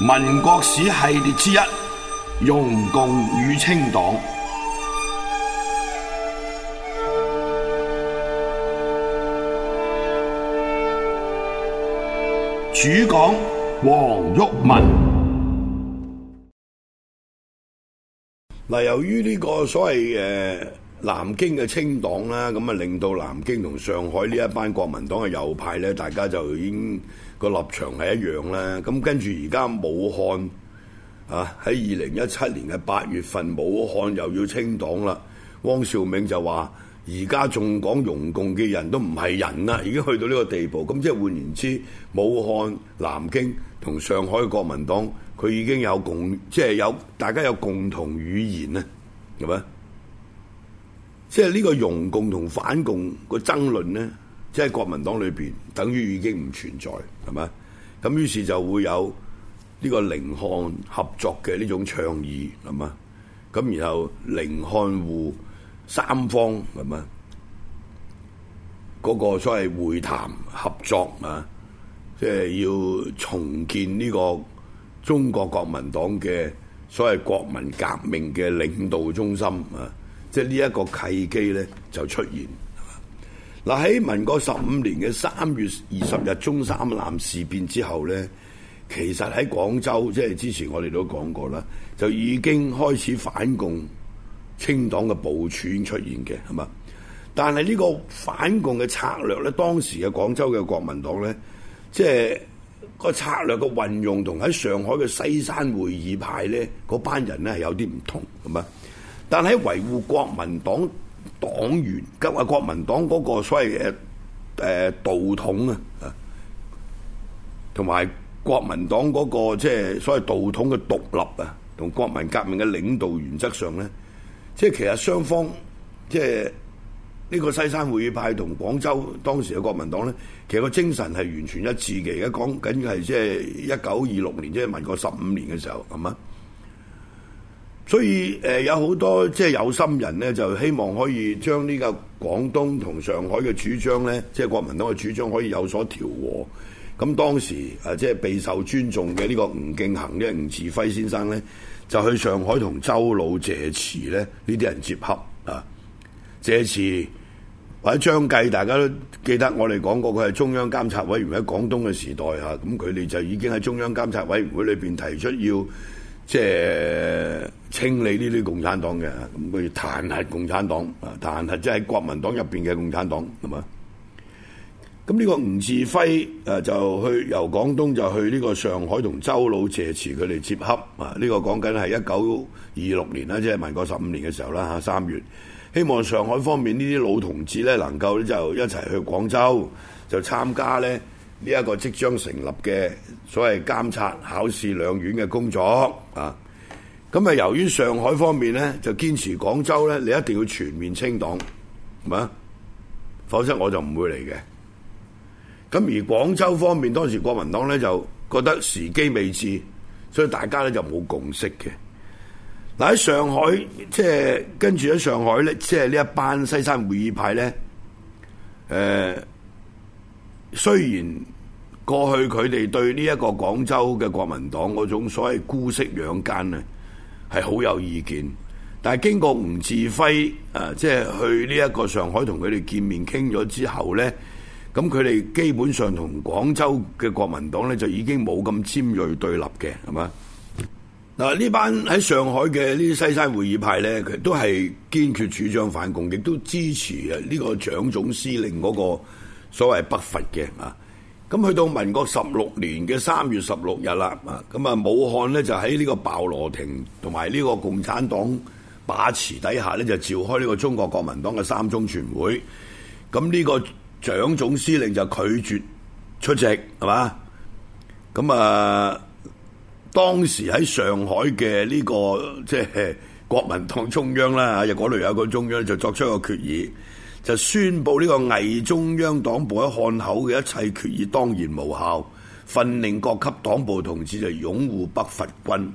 民國史系列之一，容共與清黨，主講黃毓民。由於呢、這個所謂誒。呃南京嘅清黨啦，咁啊令到南京同上海呢一班國民黨嘅右派呢，大家就已經個立場係一樣啦。咁跟住而家武漢啊，喺二零一七年嘅八月份，武漢又要清黨啦。汪兆銘就話：而家仲講容共嘅人都唔係人啦，已經去到呢個地步。咁即係換言之，武漢、南京同上海國民黨，佢已經有共，即係有大家有共同語言咧，係咪？即係呢個容共同反共個爭論呢，即係國民黨裏邊等於已經唔存在，係嘛？咁於是就會有呢個寧漢合作嘅呢種倡議，係嘛？咁然後寧漢滬三方，係嘛？嗰、那個所謂會談合作啊，即係要重建呢個中國國民黨嘅所謂國民革命嘅領導中心啊。即係呢一個契機咧，就出現。嗱，喺民國十五年嘅三月二十日中山艦事變之後咧，其實喺廣州，即係之前我哋都講過啦，就已經開始反共、清黨嘅暴亂出現嘅，係嘛？但係呢個反共嘅策略咧，當時嘅廣州嘅國民黨咧，即係個策略嘅運用，同喺上海嘅西山會議派咧，嗰班人咧，係有啲唔同，係嘛？但喺維護國民黨黨員，及話國民黨嗰個，個所謂道統啊，同埋國民黨嗰個即係所謂道統嘅獨立啊，同國民革命嘅領導原則上咧，即係其實雙方即係呢個西山會議派同廣州當時嘅國民黨咧，其實個精神係完全一致嘅，而家講緊係即係一九二六年，即係民國十五年嘅時候，係嘛？所以誒、呃、有好多即係有心人呢，就希望可以將呢個廣東同上海嘅主張呢，即係國民黨嘅主張可以有所調和。咁當時、啊、即係備受尊重嘅呢個吳敬恒呢，吳稚暉先生呢，就去上海同周老謝持呢，呢啲人接洽啊。謝持或者張繼，大家都記得我哋講過佢係中央監察委員，喺廣東嘅時代嚇，咁佢哋就已經喺中央監察委員會裏邊提出要。即係清理呢啲共產黨嘅，咁佢要彈劾共產黨，啊，彈劾即係國民黨入邊嘅共產黨，係嘛？咁呢個吳稚暉誒就去由廣東就去呢個上海同周老謝持佢哋接洽，啊呢個講緊係一九二六年啦，即係民國十五年嘅時候啦嚇，三月，希望上海方面呢啲老同志呢能夠就一齊去廣州就參加呢。呢一個即將成立嘅所謂監察考試兩院嘅工作啊，咁啊由於上海方面呢就堅持廣州呢，你一定要全面清黨，係咪啊？否則我就唔會嚟嘅。咁而廣州方面當時國民黨呢就覺得時機未至，所以大家呢就冇共識嘅。嗱喺上海即係、就是、跟住喺上海呢，即係呢一班西山會議派呢。誒、呃。雖然過去佢哋對呢一個廣州嘅國民黨嗰種所謂姑息養奸咧，係好有意見，但係經過吳稚暉啊，即係去呢一個上海同佢哋見面傾咗之後呢，咁佢哋基本上同廣州嘅國民黨呢就已經冇咁尖銳對立嘅，係嘛？嗱、啊、呢班喺上海嘅呢啲西山會議派呢，佢都係堅決主張反共，亦都支持啊呢個蔣總司令嗰、那個。所謂北伐嘅啊，咁去到民國十六年嘅三月十六日啦啊，咁啊武漢呢就喺呢個鮑羅廷同埋呢個共產黨把持底下呢，就召開呢個中國國民黨嘅三中全會，咁呢個蔣總司令就拒絕出席係嘛？咁啊，當時喺上海嘅呢、這個即係、就是、國民黨中央啦，又嗰度有個中央就作出一個決議。就宣布呢個偽中央黨部喺漢口嘅一切決議當然無效，訓令各級黨部同志就擁護北伐軍。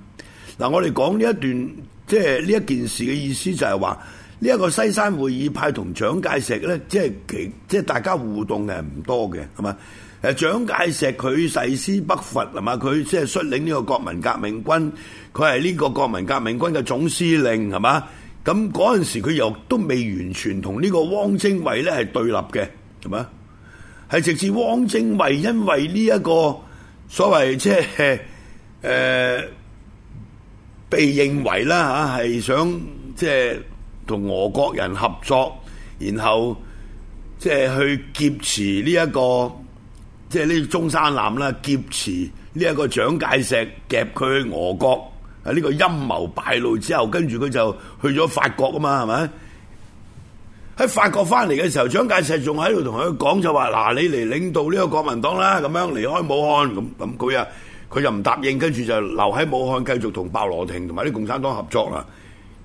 嗱，我哋講呢一段，即係呢一件事嘅意思就係話呢一個西山會議派同蔣介石咧，即係其即係大家互動嘅唔多嘅，係嘛？誒，蔣介石佢誓師北伐，係嘛？佢即係率領呢個國民革命軍，佢係呢個國民革命軍嘅總司令，係嘛？咁嗰陣時，佢又都未完全同呢個汪精衛咧係對立嘅，係咪？係直至汪精衛因為呢、這、一個所謂即係誒被認為啦吓係想即係同俄國人合作，然後即係去劫持呢、這、一個即係呢中山艦啦，劫持呢一個蔣介石，夾佢去俄國。喺呢個陰謀敗露之後，跟住佢就去咗法國啊嘛，係咪？喺法國翻嚟嘅時候，蔣介石仲喺度同佢講就話：嗱，你嚟領導呢個國民黨啦，咁樣離開武漢，咁咁佢啊，佢就唔答應，跟住就留喺武漢繼續同鮑羅廷同埋啲共產黨合作啦。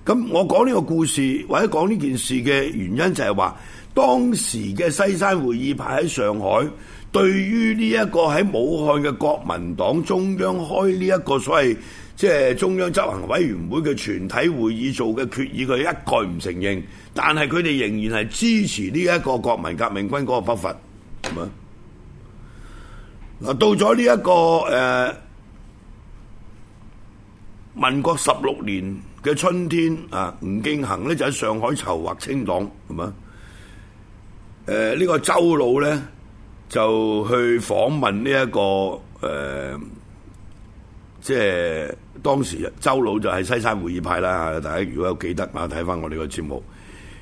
咁我講呢個故事或者講呢件事嘅原因就係話，當時嘅西山會議派喺上海，對於呢一個喺武漢嘅國民黨中央開呢一個所謂。即係中央執行委員會嘅全體會議做嘅決議，佢一概唔承認，但係佢哋仍然係支持呢一個國民革命軍嗰個北伐，係咪？嗱，到咗呢一個誒、呃、民國十六年嘅春天啊，吳敬恆呢就喺上海籌劃清黨，係咪？誒、呃、呢、這個周老呢，就去訪問呢、這、一個誒。呃即係當時周老就係西山會議派啦，大家如果有記得嘛，睇翻我哋個節目，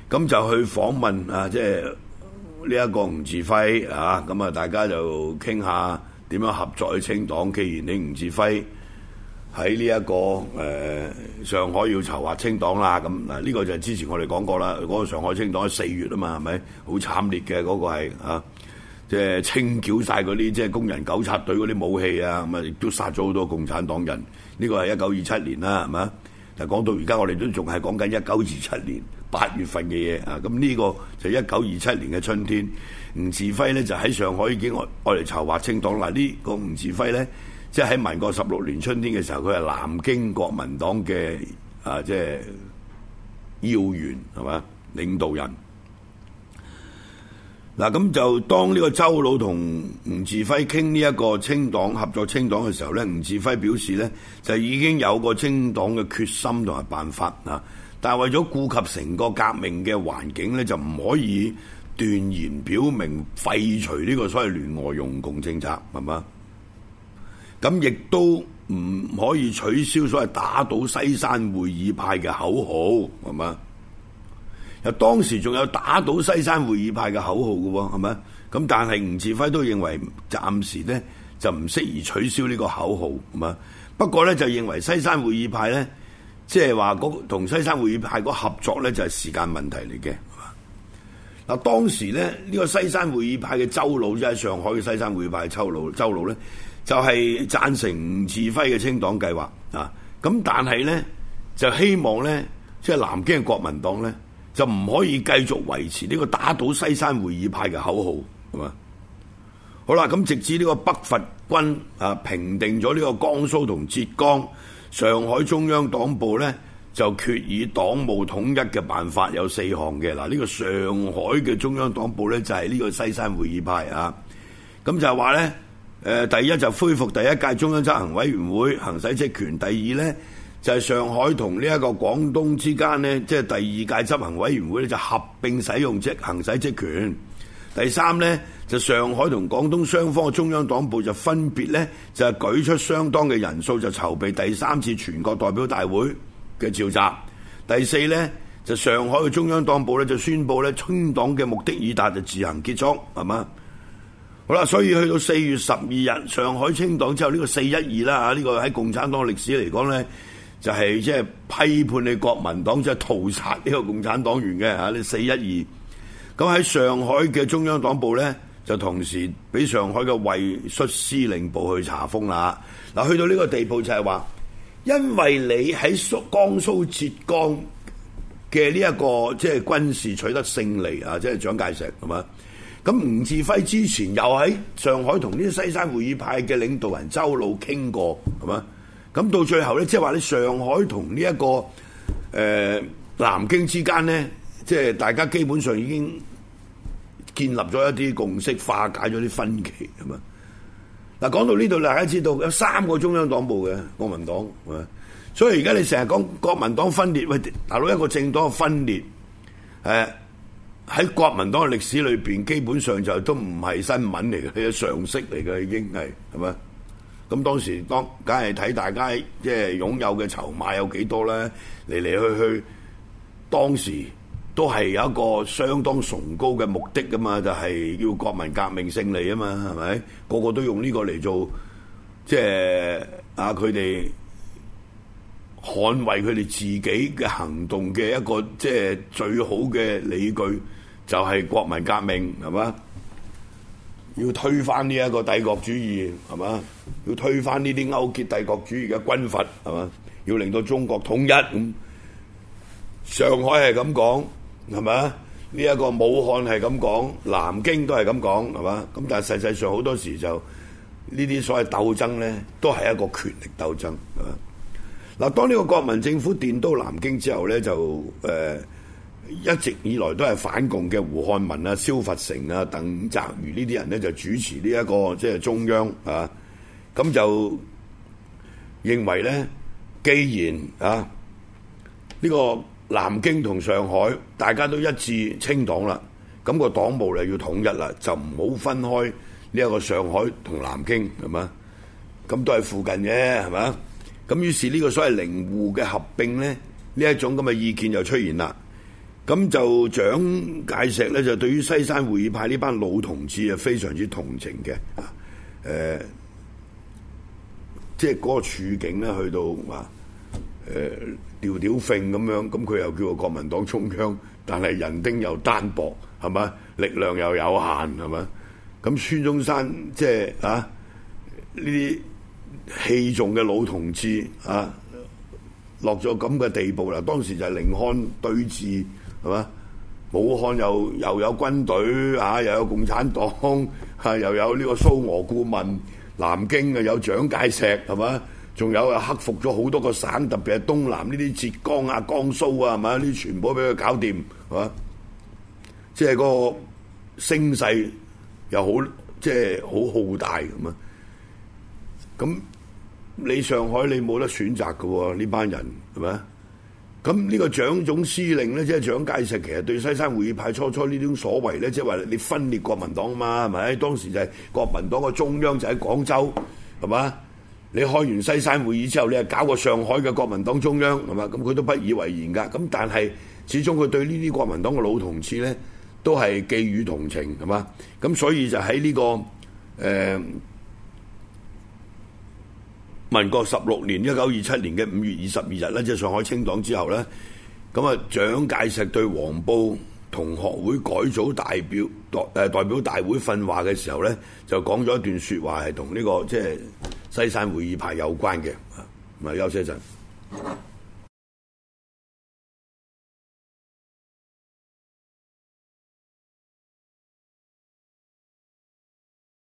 咁就去訪問啊，即係呢一個吳稚暉嚇，咁啊大家就傾下點樣合作去清黨。既然你吳稚暉喺呢一個誒、呃、上海要籌劃清黨啦，咁嗱呢個就係之前我哋講過啦，嗰、嗰個上海清黨喺四月啊嘛，係咪好慘烈嘅嗰、嗰個係啊？即係清剿晒嗰啲即係工人糾察隊嗰啲武器啊，咁啊亦都殺咗好多共產黨人。呢、這個係一九二七年啦，係嘛？嗱，講到而家，我哋都仲係講緊一九二七年八月份嘅嘢啊。咁呢個就一九二七年嘅春天，吳稚暉咧就喺上海已經愛嚟籌劃清黨啦。呢個吳稚暉咧，即係喺民國十六年春天嘅時候，佢係南京國民黨嘅啊，即、就、係、是、要員係嘛，領導人。嗱，咁就當呢個周老同吳志輝傾呢一個清黨合作清黨嘅時候咧，吳志輝表示咧就已經有個清黨嘅決心同埋辦法啊，但係為咗顧及成個革命嘅環境咧，就唔可以斷言表明廢除呢個所謂聯俄容共政策，係嘛？咁亦都唔可以取消所謂打倒西山會議派嘅口號，係嘛？又當時仲有打倒西山會議派嘅口號嘅，係咪？咁但係吳稚暉都認為暫時咧就唔適宜取消呢個口號，係嘛。不過咧就認為西山會議派咧即係話同西山會議派嗰合作咧就係、是、時間問題嚟嘅。嗱，當時咧呢、這個西山會議派嘅鄒魯即係上海嘅西山會議派嘅鄒魯鄒魯咧就係、是、贊成吳稚暉嘅清黨計劃啊。咁但係咧就希望咧即係南京嘅國民黨咧。就唔可以繼續維持呢個打倒西山會議派嘅口號，係嘛？好啦，咁直至呢個北伐軍啊平定咗呢個江蘇同浙江，上海中央黨部呢就決議黨務統一嘅辦法有四項嘅。嗱、啊，呢、呢個上海嘅中央黨部呢就係、是、呢個西山會議派啊，咁就係話呢、呃，第一就恢復第一屆中央執行委員會行使職權，第二呢。就係上海同呢一個廣東之間呢，即、就、係、是、第二屆執行委員會咧就合併使用即行使職權。第三呢，就是、上海同廣東雙方嘅中央黨部就分別呢，就係舉出相當嘅人數就籌備第三次全國代表大會嘅召集。第四呢，就是、上海嘅中央黨部呢，就宣佈呢，清黨嘅目的已達就自行結束，係嘛？好啦，所以去到四月十二日上海清黨之後，呢、呢個四一二啦呢個喺共產黨歷史嚟講呢。就係即係批判你國民黨即係、就是、屠殺呢個共產黨員嘅你四一二。咁喺上海嘅中央黨部咧，就同時俾上海嘅衛戍司令部去查封啦。嗱，去到呢個地步就係話，因為你喺蘇江蘇浙江嘅呢一個即係、就是、軍事取得勝利啊，即、就、係、是、蔣介石嘛。咁吳稚暉之前又喺上海同呢啲西山會議派嘅領導人周魯傾過係嘛。咁到最後咧，即係話，你上海同呢一個誒、呃、南京之間咧，即係大家基本上已經建立咗一啲共識，化解咗啲分歧，係嘛？嗱，講到呢度大家知道有三個中央黨部嘅國民黨，係所以而家你成日講國民黨分裂，喂，嗱，大佬一個政黨嘅分裂，誒喺國民黨嘅歷史裏邊，基本上就都唔係新聞嚟嘅，係常識嚟嘅已經係。係嘛？咁當時梗係睇大家即係擁有嘅籌碼有幾多呢？嚟嚟去去，當時都係有一個相當崇高嘅目的噶嘛，就係要國民革命勝利啊嘛，係咪？個個都用呢個嚟做，即係啊，佢哋捍衛佢哋自己嘅行動嘅一個即係最好嘅理據，就係國民革命係嘛？要推翻呢一個帝國主義係嘛？要推翻呢啲勾結帝國主義嘅軍閥係嘛？要令到中國統一咁。上海係咁講係嘛？呢一個武漢係咁講，南京都係咁講係嘛？咁但係實際上好多時就呢啲所謂鬥爭呢，都係一個權力鬥爭係嘛。嗱，當呢個國民政府電到南京之後呢，就誒。呃一直以來都係反共嘅胡漢民啊、蕭佛成啊、鄧澤如呢啲人咧，就主持呢一個即係中央啊。咁就認為咧，既然啊呢個南京同上海大家都一致清黨啦，咁個黨務就要統一啦，就唔好分開呢一個上海同南京係嘛？咁都係附近嘅係嘛？咁於是呢個所謂寧滬嘅合並咧，呢一種咁嘅意見就出現啦。咁就蔣介石咧，就對於西山會議派呢班老同志啊，非常之同情嘅。誒，即係嗰個處境咧，去到啊，誒、呃，調調揈咁樣，咁佢又叫個國民黨冲槍，但係人丁又單薄，係咪啊？力量又有限，係咪啊？咁孫中山即係、就是、啊，呢啲器重嘅老同志啊，落咗咁嘅地步啦。當時就係寧漢對峙。係嘛？武漢又又有軍隊、啊、又有共產黨、啊、又有呢個蘇俄顧問。南京啊，有蔣介石係嘛？仲有啊，克服咗好多個省，特別係東南呢啲浙江啊、江蘇啊，係嘛？呢啲全部俾佢搞掂係嘛？即係嗰個聲勢又好，即係好浩大咁啊！咁你上海你冇得選擇噶、啊？呢班人係咁呢個蔣總司令呢，即係蔣介石，其實對西山會議派初初呢種所謂呢，即係話你分裂國民黨嘛，係咪？當時就係國民黨嘅中央就喺廣州，係嘛？你開完西山會議之後，你係搞過上海嘅國民黨中央，係嘛？咁佢都不以為然㗎。咁但係始終佢對呢啲國民黨嘅老同志呢，都係寄予同情，係嘛？咁所以就喺呢、呢個誒。呃民國十六年一九二七年嘅五月二十二日咧，即、就是、上海清黨之後咧，咁啊，蔣介石對黃埔同學會改組代表誒代表大會訓話嘅時候咧，就講咗一段說話係同呢個即係、就是、西山會議派有關嘅，咪休息一陣。